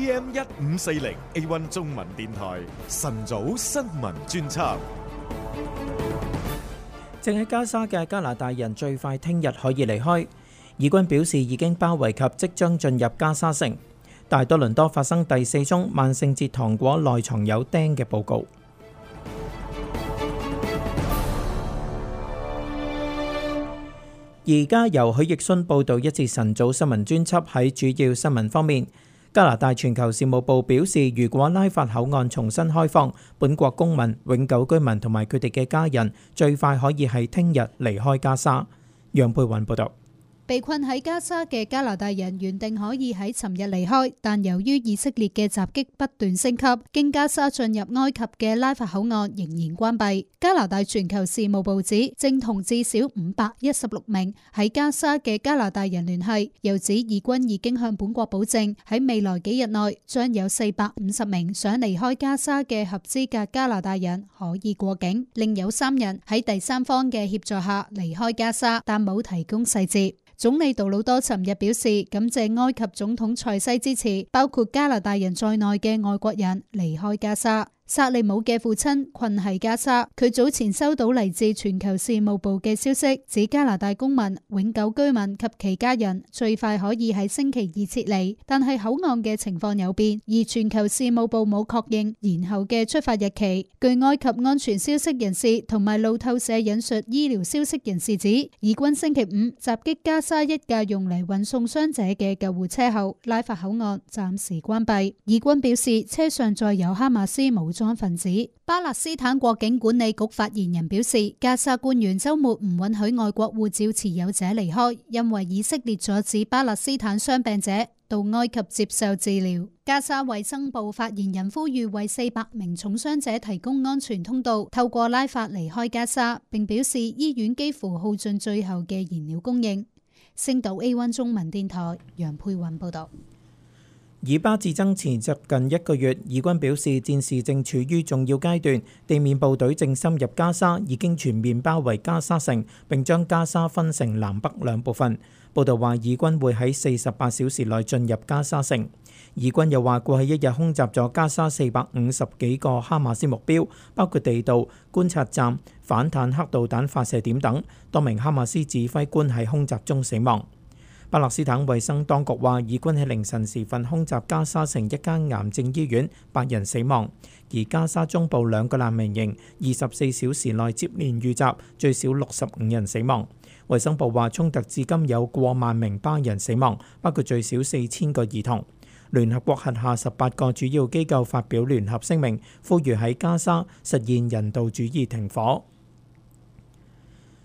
T.M. 一五四零 A1 中文電台晨早新聞專輯，正喺加沙嘅加拿大人最快聽日可以離開。以軍表示已經包圍及即將進入加沙城，大多倫多發生第四宗萬聖節糖果內藏有釘嘅報告。而家由許奕迅報道，一次晨早新聞專輯喺主要新聞方面。加拿大全球事務部表示，如果拉法口岸重新開放，本國公民、永久居民同埋佢哋嘅家人最快可以係聽日離開加沙。楊佩雲報導。被困喺加沙嘅加拿大人原定可以喺尋日離開，但由於以色列嘅襲擊不斷升級，經加沙進入埃及嘅拉法口岸仍然關閉。加拿大全球事務部指正同至少五百一十六名喺加沙嘅加拿大人聯繫，又指以軍已經向本國保證喺未來幾日內將有四百五十名想離開加沙嘅合資格加拿大人可以過境，另有三人喺第三方嘅協助下離開加沙，但冇提供細節。總理杜魯多尋日表示，感謝埃及總統塞西支持，包括加拿大人在內嘅外國人離開加沙。薩利姆嘅父親困喺加沙，佢早前收到來自全球事務部嘅消息，指加拿大公民、永久居民及其家人，最快可以喺星期二撤離。但係口岸嘅情況有變，而全球事務部冇確認延後嘅出發日期。據埃及安全消息人士同埋路透社引述醫療消息人士指，以軍星期五襲擊加沙一架用來運送傷者嘅救護車後，拉法口岸暫時關閉。以軍表示，車上載有哈馬斯傷分子，巴勒斯坦國境管理局發言人表示，加沙官員周末唔允許外國護照持有者離開，因為以色列阻止巴勒斯坦傷病者到埃及接受治療。加沙衛生部發言人呼籲為四百名重傷者提供安全通道，透過拉法離開加沙，並表示醫院幾乎耗盡最後嘅燃料供應。星島 A1 中文電台楊佩雲報道。以巴戰爭持續接近一個月，以軍表示戰事正處於重要階段，地面部隊正深入加沙，已經全面包圍加沙城，並將加沙分成南北兩部分。報道話，以軍會喺四十八小時內進入加沙城。以軍又話，過去一日空襲咗加沙四百五十幾個哈馬斯目標，包括地道、觀察站、反坦克導彈發射點等，多名哈馬斯指揮官喺空襲中死亡。巴勒斯坦衛生當局話，以軍喺凌晨時分空襲加沙城一間癌症醫院，八人死亡；而加沙中部兩個難民營，二十四小時內接連遇襲，最少六十五人死亡。衛生部話，衝突至今有過萬名巴人死亡，包括最少四千個兒童。聯合國轄下十八個主要機構發表聯合聲明，呼籲喺加沙實現人道主義停火。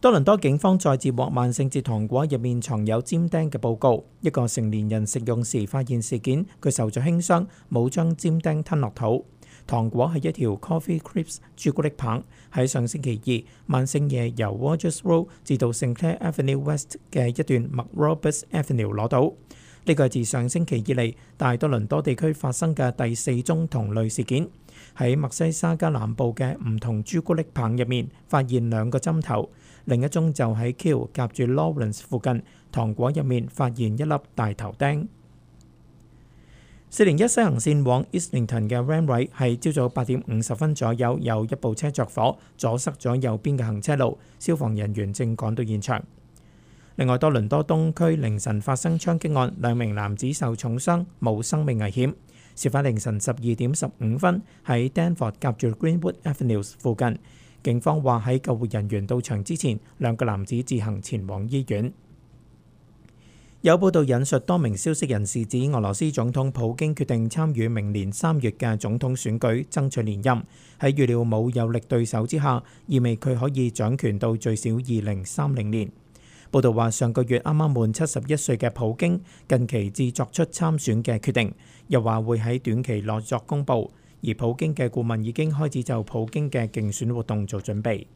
多倫多警方再接獲萬聖節糖果入面藏有尖釘嘅報告，一個成年人食用時發現事件，佢受咗輕傷，冇將尖釘吞落肚。糖果係一條 Coffee Crisp 朱古力棒，喺上星期二萬聖夜由 Rogers Road 至到 St Clair Avenue West 嘅一段 McRoberts Avenue 攞到。呢個係自上星期以嚟大多倫多地區發生嘅第四宗同類事件。喺墨西沙加南部嘅唔同朱古力棒入面，發現兩個針頭；另一宗就喺 Keele 夾住 Lawrence 附近糖果入面，發現一粒大頭釘。四零一西行線往 Islington 嘅 ramp 係朝早八點五十分左右有一部車着火，阻塞咗右邊嘅行車路，消防人員正趕到現場。另外，多倫多東區凌晨發生槍擊案，兩名男子受重傷，冇生命危險。事發凌晨十二點十五分喺 Denver 夾住 Greenwood Avenue 附近，警方話喺救護人員到場之前，兩個男子自行前往醫院。有報道引述多名消息人士指，俄羅斯總統普京決定參與明年三月嘅總統選舉，爭取連任。喺預料冇有，有力對手之下，意味佢可以掌權到最少二零三零年。報道話，上個月啱啱滿七十一歲嘅普京，近期至作出參選嘅決定，又話會喺短期內作公佈。而普京嘅顧問已經開始就普京嘅競選活動做準備。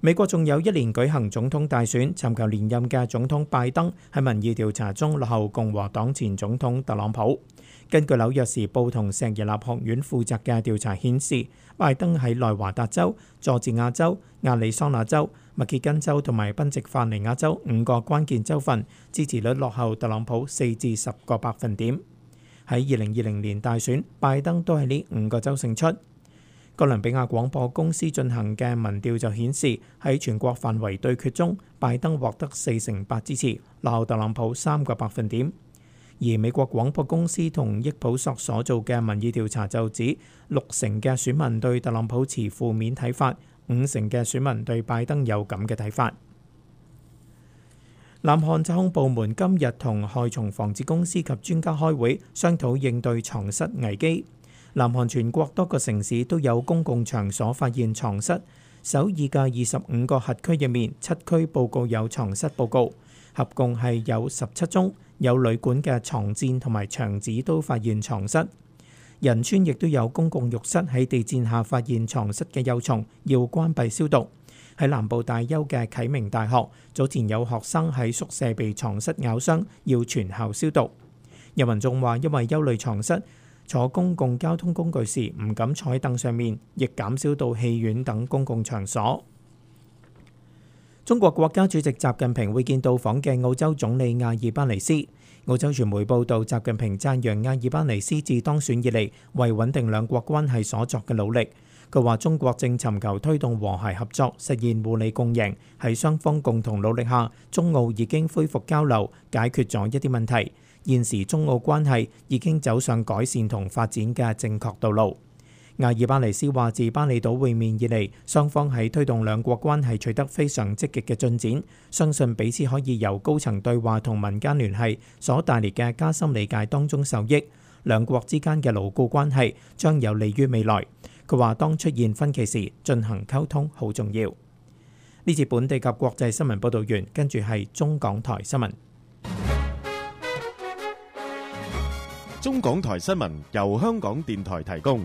美國仲有一年舉行總統大選，尋求連任嘅總統拜登喺民意調查中落後共和黨前總統特朗普。根據紐約時報同錫耶納學院負責嘅調查顯示，拜登喺內華達州、佐治亞州、亞利桑那州、密歇根州同埋賓夕法尼亞州五個關鍵州份支持率落後特朗普四至十個百分點。喺二零二零年大選，拜登都係呢五個州勝出。哥倫比亞廣播公司進行嘅民調就顯示，喺全國範圍對決中，拜登獲得四成八支持，落後特朗普三個百分點。而美國廣播公司同益普索所做嘅民意調查就指，六成嘅選民對特朗普持負面睇法。五成嘅選民對拜登有咁嘅睇法。南韓疾控部門今日同害蟲防治公司及專家開會，商討應對床蝨危機。南韓全國多個城市都有公共場所發現床蝨。首爾嘅二十五個轄區入面，七區報告有床蝨報告，合共係有十七宗。有旅館嘅床墊同埋牆紙都發現床蝨。仁川亦都有公共浴室喺地氈下發現床蝨嘅幼蟲，要關閉消毒。喺南部大邱嘅啟明大學，早前有學生喺宿舍被床蝨咬傷，要全校消毒。有民眾話，因為憂慮床蝨，坐公共交通工具時唔敢坐喺凳上面，亦減少到戲院等公共場所。中國國家主席習近平會見到訪嘅澳洲總理阿爾巴尼斯。澳洲傳媒報道，習近平讚揚阿爾巴尼斯自當選以來為穩定兩國關係所作嘅努力。佢話：中國正尋求推動和諧合作，實現互利共贏。喺雙方共同努力下，中澳已經恢復交流，解決咗一啲問題。現時中澳關係已經走上改善同發展嘅正確道路。阿爾巴尼斯話：自巴厘島會面以嚟，雙方喺推動兩國關係取得非常積極嘅進展，相信彼此可以由高層對話同民間聯繫所帶嚟嘅加深理解當中受益。兩國之間嘅牢固關係將有利於未來。佢話當出現分歧時，進行溝通好重要。呢節本地及國際新聞報道員跟住係中港台新聞。中港台新聞由香港電台提供。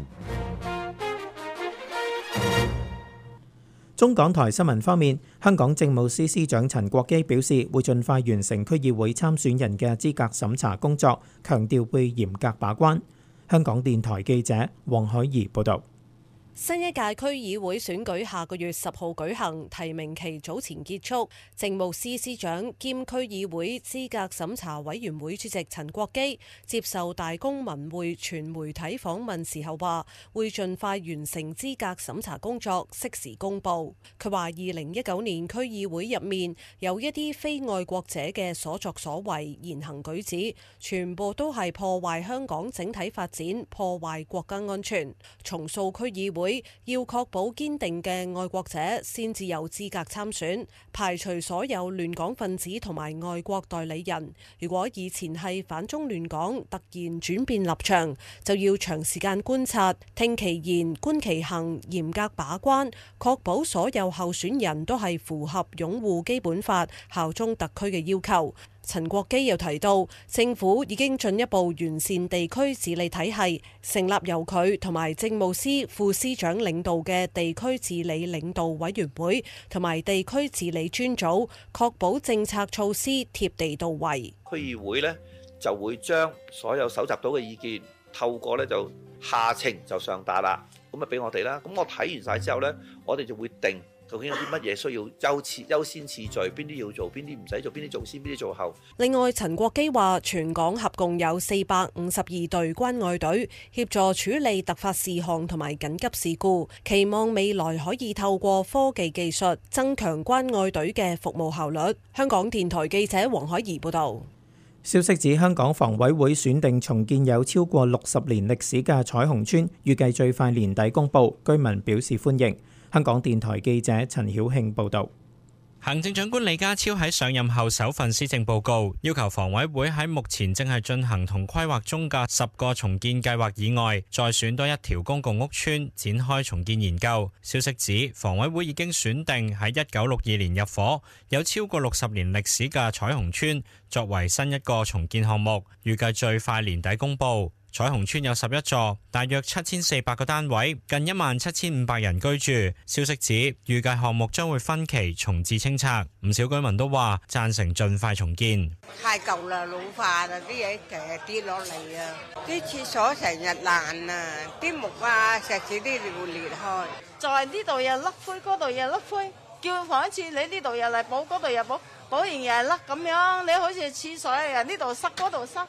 中港台新聞方面，香港政務司司長陳國基表示，會盡快完成區議會參選人嘅資格審查工作，強調會嚴格把關。香港電台記者黃海怡報導。新一屆區議會選舉下個月十號舉行，提名期早前結束。政務司司長兼區議會資格審查委員會主席陳國基接受大公文匯全媒體訪問時候話，會盡快完成資格審查工作，適時公布。佢話二零一九年區議會入面有一啲非愛國者嘅所作所為、言行舉止，全部都係破壞香港整體發展、破壞國家安全、重塑區議會。要確保堅定嘅愛國者先至有資格參選，排除所有亂港分子同埋外國代理人。如果以前係反中亂港，突然轉變立場，就要長時間觀察，聽其言，觀其行，嚴格把關，確保所有候選人都係符合擁護基本法、效忠特區嘅要求。陳國基又提到，政府已經進一步完善地區治理體系，成立由佢同埋政務司副司長領導嘅地區治理領導委員會同埋地區治理專組，確保政策措施貼地到位。區議會呢就會將所有搜集到嘅意見，透過呢就下情就上達啦，咁啊俾我哋啦。咁我睇完晒之後呢，我哋就會定。究竟有啲乜嘢需要優先優先次序？邊啲要做？邊啲唔使做？邊啲做先？邊啲做後？另外，陳國基話：全港合共有四百五十二隊關愛隊協助處理突發事項同埋緊急事故，期望未來可以透過科技技術增強關愛隊嘅服務效率。香港電台記者黃海怡報導。消息指香港房委會選定重建有超過六十年歷史嘅彩虹村，預計最快年底公佈，居民表示歡迎。香港電台記者陳曉慶報道，行政長官李家超喺上任後首份施政報告要求房委會喺目前正係進行同規劃中嘅十個重建計劃以外，再選多一條公共屋邨，展開重建研究。消息指，房委會已經選定喺一九六二年入伙，有超過六十年歷史嘅彩虹邨作為新一個重建項目，預計最快年底公布。彩虹村有十一座，大約七千四百個單位，近一萬七千五百人居住。消息指預計項目將會分期重置清拆，唔少居民都話贊成盡快重建。太舊啦，老化啦，啲嘢成日跌落嚟啊！啲廁所成日爛啊，啲木啊石屎啲會裂，裂開。就係呢度又甩灰，嗰度又甩灰，叫房一次你呢度又嚟補，嗰度又補，補完又甩咁樣。你好似廁所啊，呢度塞，嗰度塞。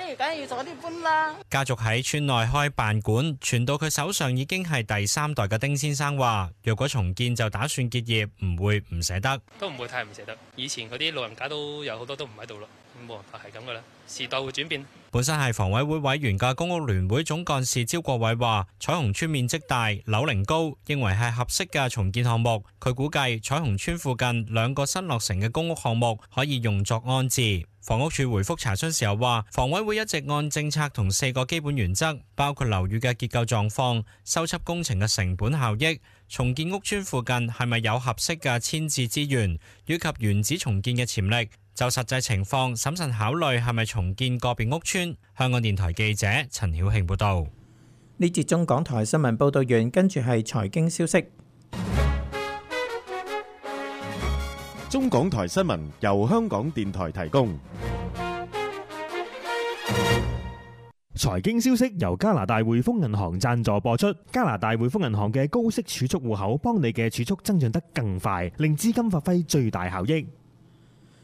不如梗要早啲搬啦！家族喺村內開辦館，傳到佢手上已經係第三代嘅丁先生話，若果重建就打算結業，唔會唔捨得。都唔會太唔捨得。以前嗰啲老人家都有好多都唔喺度咯，冇辦法係咁噶啦。時代會轉變。本身係房委會委員嘅公屋聯會總幹事焦國偉話，彩虹村面積大、樓齡高，認為係合適嘅重建項目。佢估計彩虹村附近兩個新落成嘅公屋項目可以用作安置。房屋處回覆查詢時候話，房委會一直按政策同四個基本原則，包括樓宇嘅結構狀況，修葺工程嘅成本效益、重建屋村附近係咪有合適嘅遷置資源，以及原址重建嘅潛力。就實際情況審慎考慮，係咪重建個別屋邨。香港電台記者陳曉慶報導。呢節中港台新聞報道完，跟住係財經消息。中港台新聞由香港電台提供。財經消息由加拿大匯豐銀行贊助播出。加拿大匯豐銀行嘅高息儲蓄戶口，幫你嘅儲蓄增長得更快，令資金發揮最大效益。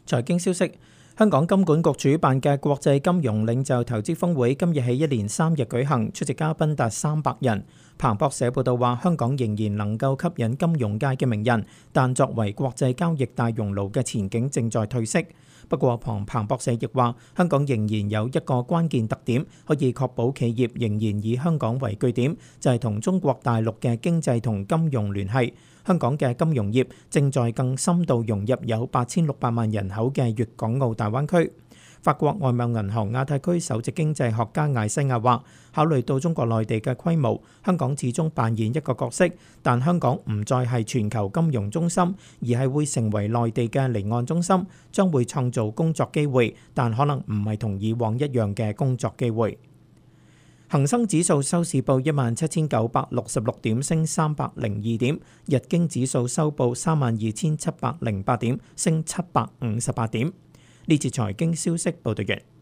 財經消息，香港金管局主辦嘅國際金融領袖投資峰會今日喺一連三日舉行，出席嘉賓達三百人。彭博社報道話，香港仍然能夠吸引金融界嘅名人，但作為國際交易大熔爐嘅前景正在褪色。不過，龐彭博社亦話，香港仍然有一個關鍵特點，可以確保企業仍然以香港為據點，就係、是、同中國大陸嘅經濟同金融聯繫。香港嘅金融業正在更深度融入有八千六百萬人口嘅粵港澳大灣區。法國外貿銀行亞太區首席經濟學家艾西亞話：考慮到中國內地嘅規模，香港始終扮演一個角色，但香港唔再係全球金融中心，而係會成為內地嘅離岸中心，將會創造工作機會，但可能唔係同以往一樣嘅工作機會。恆生指數收市報一萬七千九百六十六點，升三百零二點；日經指數收報三萬二千七百零八點，升七百五十八點。呢次財經消息報道員。